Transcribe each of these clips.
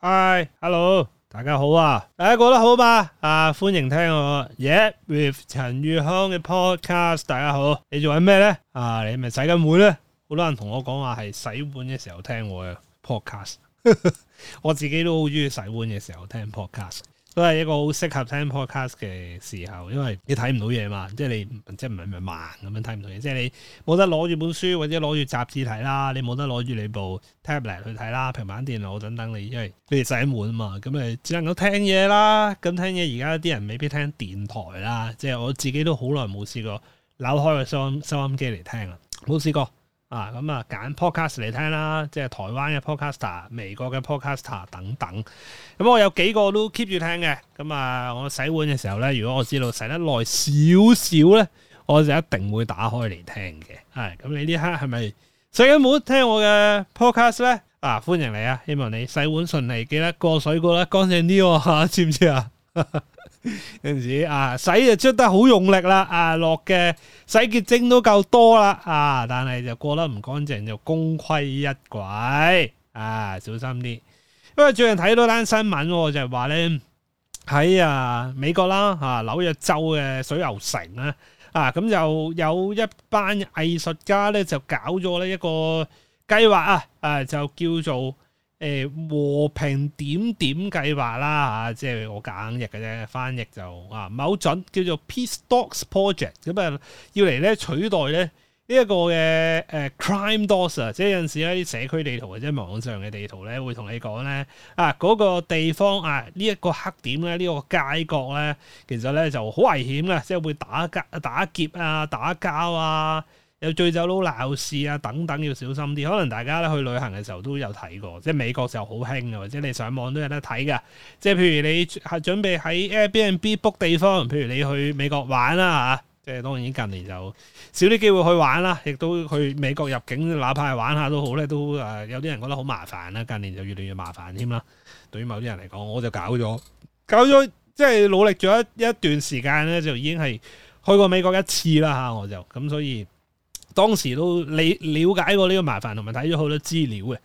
Hi，Hello，大家好啊，大家過得好嗎？啊，歡迎聽我 Yet、yeah, with 陳宇香嘅 Podcast。大家好，你做緊咩呢？啊，你係咪洗緊碗呢？好多人同我講話係洗碗嘅時候聽我嘅 Podcast， 我自己都好中意洗碗嘅時候聽 Podcast。都係一個好適合聽 podcast 嘅時候，因為你睇唔到嘢嘛，即係你即係唔係咪盲咁樣睇唔到嘢，即係你冇得攞住本書或者攞住雜誌睇啦，你冇得攞住你部 tablet 去睇啦，平板電腦等等，你因為你哋洗碗啊嘛，咁咪只能夠聽嘢啦。咁聽嘢而家啲人未必聽電台啦，即係我自己都好耐冇試過扭開個收音收音機嚟聽啊，冇試過。啊，咁啊，揀 podcast 嚟聽啦，即係台灣嘅 podcaster 美國嘅 podcaster 等等，咁、啊、我有幾個都 keep 住聽嘅，咁啊，我洗碗嘅時候咧，如果我知道洗得耐少少咧，我就一定會打開嚟聽嘅，係、啊，咁你呢刻係咪洗緊碗聽我嘅 podcast 咧？啊，歡迎你啊，希望你洗碗順利，記得過水過啦，乾淨啲啊，知唔知啊？哈哈陣時啊，洗就出得好用力啦，啊，落嘅洗潔精都夠多啦，啊，但係就過得唔乾淨，就功虧一簣啊，小心啲。因為最近睇到單新聞，就係話咧喺啊美國啦，啊紐約州嘅水牛城啦，啊咁就有一班藝術家咧就搞咗呢一個計劃啊，啊就叫做。誒和平點點計劃啦吓，即係我簡譯嘅啫，翻譯就啊唔係好準，叫做 Peace Dots Project 咁啊，要嚟咧取代咧呢一個嘅誒 Crime Dots 啊，即係有陣時咧啲社區地圖或者網上嘅地圖咧，會同你講咧啊嗰個地方啊呢一個黑點咧呢個街角咧，其實咧就好危險嘅，即係會打劫、打劫啊、打交啊。有醉酒佬鬧事啊，等等要小心啲。可能大家咧去旅行嘅時候都有睇過，即係美國時候好興嘅，或者你上網都有得睇嘅。即係譬如你係準備喺 Airbnb book 地方，譬如你去美國玩啦吓，即係當然近年就少啲機會去玩啦，亦都去美國入境，哪怕係玩下都好咧，都誒有啲人覺得好麻煩啦。近年就越嚟越麻煩添啦。對於某啲人嚟講，我就搞咗，搞咗即係努力咗一一段時間咧，就已經係去過美國一次啦吓，我就咁，所以。當時都理了解過呢個麻煩，同埋睇咗好多資料嘅。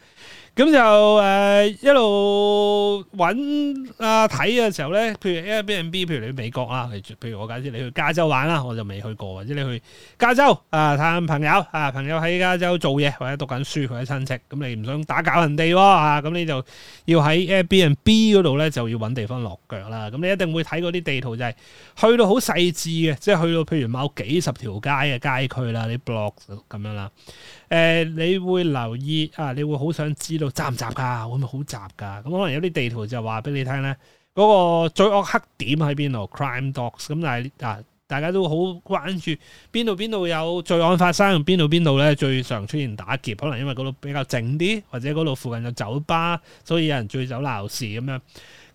咁就誒、呃、一路揾啊睇嘅時候咧，譬如 Airbnb，譬如你喺美國啦，譬如我假設你去加州玩啦，我就未去過，或者你去加州啊，探朋友啊，朋友喺加州做嘢或者讀緊書或者親戚，咁你唔想打攪人哋喎啊，咁你就要喺 Airbnb 度咧就要揾地方落腳啦。咁你一定會睇嗰啲地圖就係、是、去到好細緻嘅，即係去到譬如某幾十條街嘅街區啦，你 block 咁樣啦。誒、呃、你會留意啊，你會好想知。雜唔雜噶？會唔會好雜噶？咁、嗯、可能有啲地圖就話俾你聽咧，嗰、嗰個罪惡黑點喺邊度？Crime Dogs 咁，但係啊，大家都好關注邊度邊度有罪案發生，邊度邊度咧最常出現打劫？可能因為嗰度比較靜啲，或者嗰度附近有酒吧，所以有人醉酒鬧事咁樣。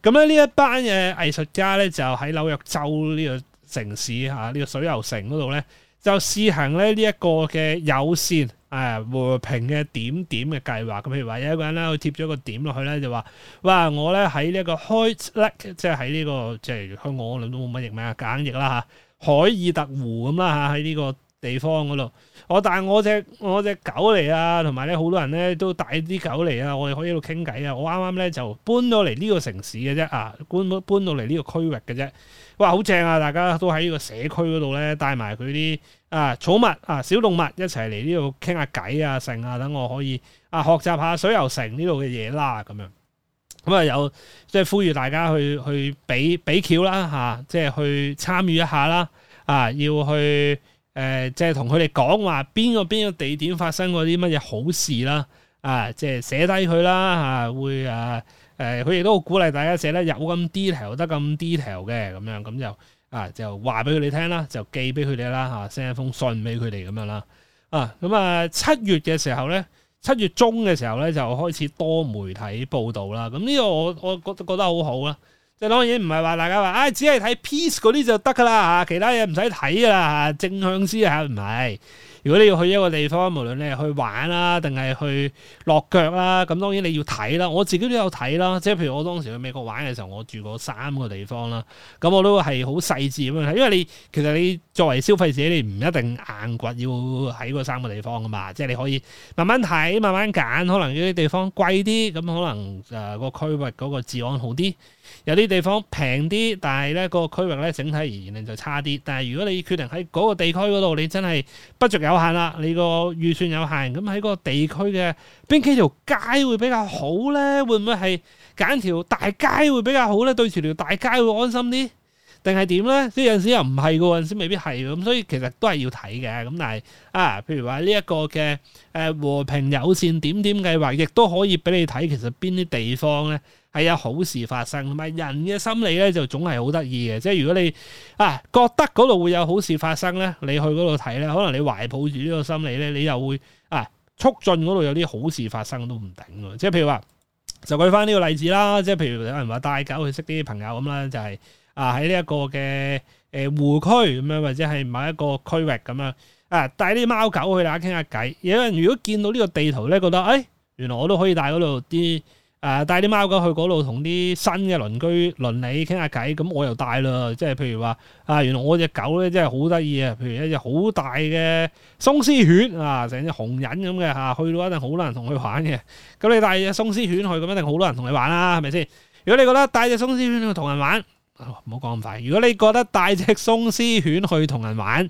咁咧呢一班嘅藝術家咧就喺紐約州呢個城市吓呢、啊這個水牛城嗰度咧，就試行咧呢一個嘅友善。誒、哎、和平嘅點點嘅計劃，咁譬如話有一個人咧，佢貼咗個點落去咧，就話：哇！我咧喺呢一個 Heart Lake，即係喺呢個即係香港，我諗都冇乜疫咩，簡易啦嚇，海爾特湖咁啦嚇，喺呢個。地方嗰度，我帶我隻我隻狗嚟啊，同埋咧好多人咧都帶啲狗嚟啊，我哋可以喺度傾偈啊。我啱啱咧就搬到嚟呢個城市嘅啫啊，搬搬到嚟呢個區域嘅、啊、啫。哇，好正啊！大家都喺呢個社區嗰度咧，帶埋佢啲啊寵物啊小動物一齊嚟呢度傾下偈啊剩啊，等我可以啊學習下水游城呢度嘅嘢啦咁樣。咁啊、嗯、有即係、就是、呼籲大家去去俾俾票啦吓，即係去參與一下啦啊，要去。誒即係同佢哋講話邊個邊個地點發生過啲乜嘢好事啦，啊即係、就是、寫低佢啦，嚇、啊、會誒誒，佢亦都好鼓勵大家寫得有咁 detail，得咁 detail 嘅咁樣，咁、啊、就啊就話俾佢哋聽啦，就寄俾佢哋啦，嚇、啊、send 一封信俾佢哋咁樣啦，啊咁啊七月嘅時候咧，七月中嘅時候咧就開始多媒體報導啦，咁呢個我我覺得我覺得，覺得好好、啊、啦。即係當然唔係話大家話，唉、哎，只係睇 peace 嗰啲就得噶啦吓，其他嘢唔使睇噶啦吓，正向思考唔係。如果你要去一個地方，無論你係去玩啦，定係去落腳啦，咁當然你要睇啦。我自己都有睇啦，即係譬如我當時去美國玩嘅時候，我住過三個地方啦。咁我都係好細緻咁樣睇，因為你其實你作為消費者，你唔一定硬掘要喺嗰三個地方㗎嘛。即係你可以慢慢睇，慢慢揀。可能有啲地方貴啲，咁可能誒個、呃、區域嗰個治安好啲；有啲地方平啲，但係咧嗰個區域咧整體而言咧就差啲。但係如果你決定喺嗰個地區嗰度，你真係不有限啦，你個預算有限，咁喺個地區嘅邊幾條街會比較好咧？會唔會係揀條大街會比較好咧？對住條大街會安心啲？定係點呢？即有陣時又唔係嘅喎，有陣時未必係咁，所以其實都係要睇嘅。咁但係啊，譬如話呢一個嘅誒和平友善點點計劃，亦都可以俾你睇，其實邊啲地方呢係有好事發生。同埋人嘅心理呢就總係好得意嘅。即係如果你啊覺得嗰度會有好事發生呢，你去嗰度睇呢，可能你懷抱住呢個心理呢，你又會啊促進嗰度有啲好事發生都唔定嘅。即係譬如話，就舉翻呢個例子啦。即係譬如有人話帶狗去識啲朋友咁啦，就係、是。啊！喺呢一個嘅誒湖區咁樣，或者係某一個區域咁樣啊，帶啲貓狗去大家傾下偈。有人如果見到呢個地圖咧，覺得誒、哎，原來我都可以帶嗰度啲誒，帶啲貓狗去嗰度同啲新嘅鄰居鄰里傾下偈，咁我又帶啦。即係譬如話啊，原來我隻狗咧真係好得意啊，譬如一隻好大嘅鬆獅犬啊，成隻熊人咁嘅嚇，去到一定好多人同佢玩嘅。咁你帶隻鬆獅犬去，咁一定好多人同你玩啦，係咪先？如果你覺得帶隻鬆獅犬去同人玩，唔好講咁快。如果你覺得帶隻鬆獅犬去同人玩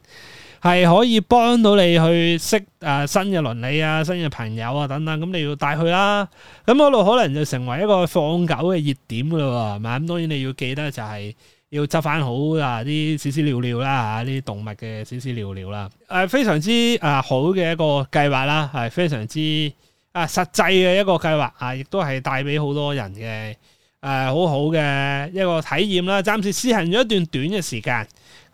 係可以幫到你去識誒新嘅鄰里啊、新嘅朋友啊等等，咁你要帶去啦。咁嗰度可能就成為一個放狗嘅熱點啦，係咪？咁當然你要記得就係要執返好啊啲屎屎尿尿啦，吓啲動物嘅屎屎尿尿啦。誒，非常之誒好嘅一個計劃啦，係非常之啊實際嘅一個計劃啊，亦都係帶俾好多人嘅。誒、呃，好好嘅一個體驗啦，暫時試行咗一段短嘅時間，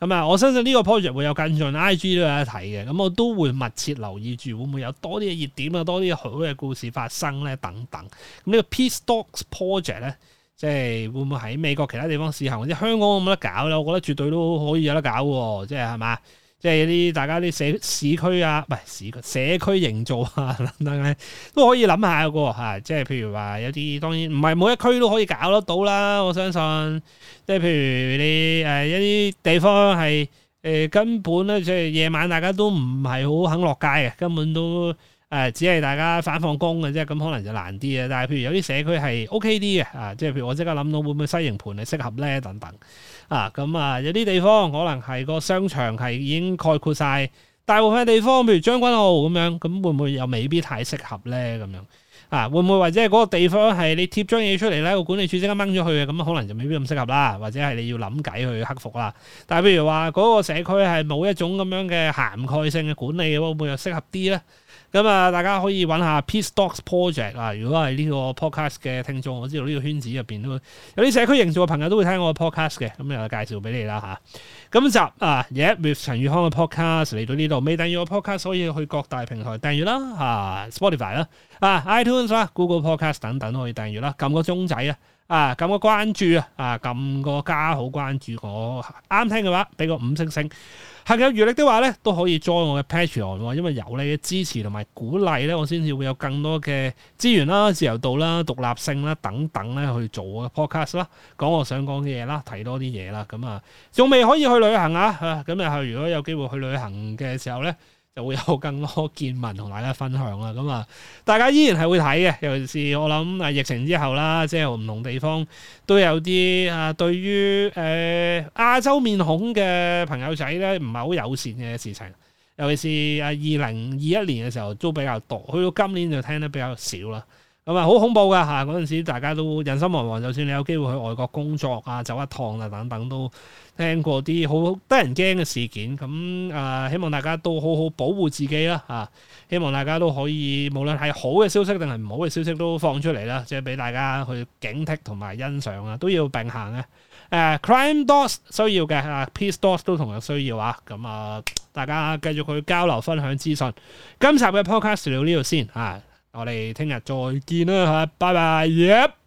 咁、嗯、啊，我相信呢個 project 會有跟進，IG 都有得睇嘅，咁、嗯、我都會密切留意住，會唔會有多啲嘅熱點啊，多啲好嘅故事發生咧，等等。咁、嗯、呢、這個 Peace Dots Project 咧，即係會唔會喺美國其他地方試行，或者香港有冇得搞咧？我覺得絕對都可以有得搞嘅，即係係嘛。即係啲大家啲社市區啊，唔係市區社區營造啊，等等咧，都可以諗下噶喎、啊、即係譬如話有啲，當然唔係每一區都可以搞得到啦。我相信即係譬如你誒、呃、一啲地方係誒、呃、根本咧，即係夜晚大家都唔係好肯落街嘅，根本都。誒、啊，只係大家反放工嘅啫，咁可能就難啲啊！但係譬如有啲社區係 OK 啲嘅啊，即係譬如我即刻諗到會唔會西營盤係適合咧？等等啊，咁啊，有啲地方可能係個商場係已經概括晒大部分嘅地方，譬如將軍澳咁樣，咁會唔會又未必太適合咧？咁樣啊，會唔會或者係嗰個地方係你貼張嘢出嚟咧，個管理處即刻掹咗去嘅，咁可能就未必咁適合啦，或者係你要諗計去克服啦。但係譬如話嗰個社區係冇一種咁樣嘅涵蓋性嘅管理，會唔會又適合啲咧？咁啊，大家可以揾下 Peace Dogs Project 啊！如果係呢個 podcast 嘅聽眾，我知道呢個圈子入邊都有啲社區營造嘅朋友都會聽我 podcast 嘅，咁、嗯、又介紹俾你啦吓、啊。今集啊，Yep with 陳宇康嘅 podcast 嚟到呢度，未訂閱個 podcast 可以去各大平台訂閱啦，吓、啊、Spotify 啦，啊 iTunes 啦，Google Podcast 等等都可以訂閱啦，撳個鐘仔啊！啊！撳個關注啊！啊！撳個加好關注我。啱聽嘅話，俾個五星星。行有餘力的話咧，都可以 join 我嘅 Patreon 喎。因為有你嘅支持同埋鼓勵咧，我先至會有更多嘅資源啦、自由度啦、獨立性啦等等咧去做我嘅 podcast 啦，講我想講嘅嘢啦，睇多啲嘢啦。咁啊，仲未可以去旅行啊？吓，咁啊，如果有機會去旅行嘅時候咧。就會有更多見聞同大家分享啦，咁啊，大家依然係會睇嘅，尤其是我諗啊疫情之後啦，即係唔同地方都有啲啊對於誒、呃、亞洲面孔嘅朋友仔咧，唔係好友善嘅事情，尤其是啊二零二一年嘅時候都比較多，去到今年就聽得比較少啦。咁、嗯、啊，好恐怖噶嚇！嗰陣時大家都人心惶惶，就算你有機會去外國工作啊、走一趟啊等等，都聽過啲好得人驚嘅事件。咁、嗯、啊、呃，希望大家都好好保護自己啦嚇、啊！希望大家都可以無論係好嘅消息定係唔好嘅消息都放出嚟啦、啊，即係俾大家去警惕同埋欣賞啊，都要並行咧。誒、啊、Crime Dots 需要嘅嚇、啊、Peace Dots 都同樣需要啊。咁啊，大家繼續去交流分享資訊。今集嘅 podcast 聊呢度先嚇。啊。我哋聽日再見啦吓，拜拜。Yep.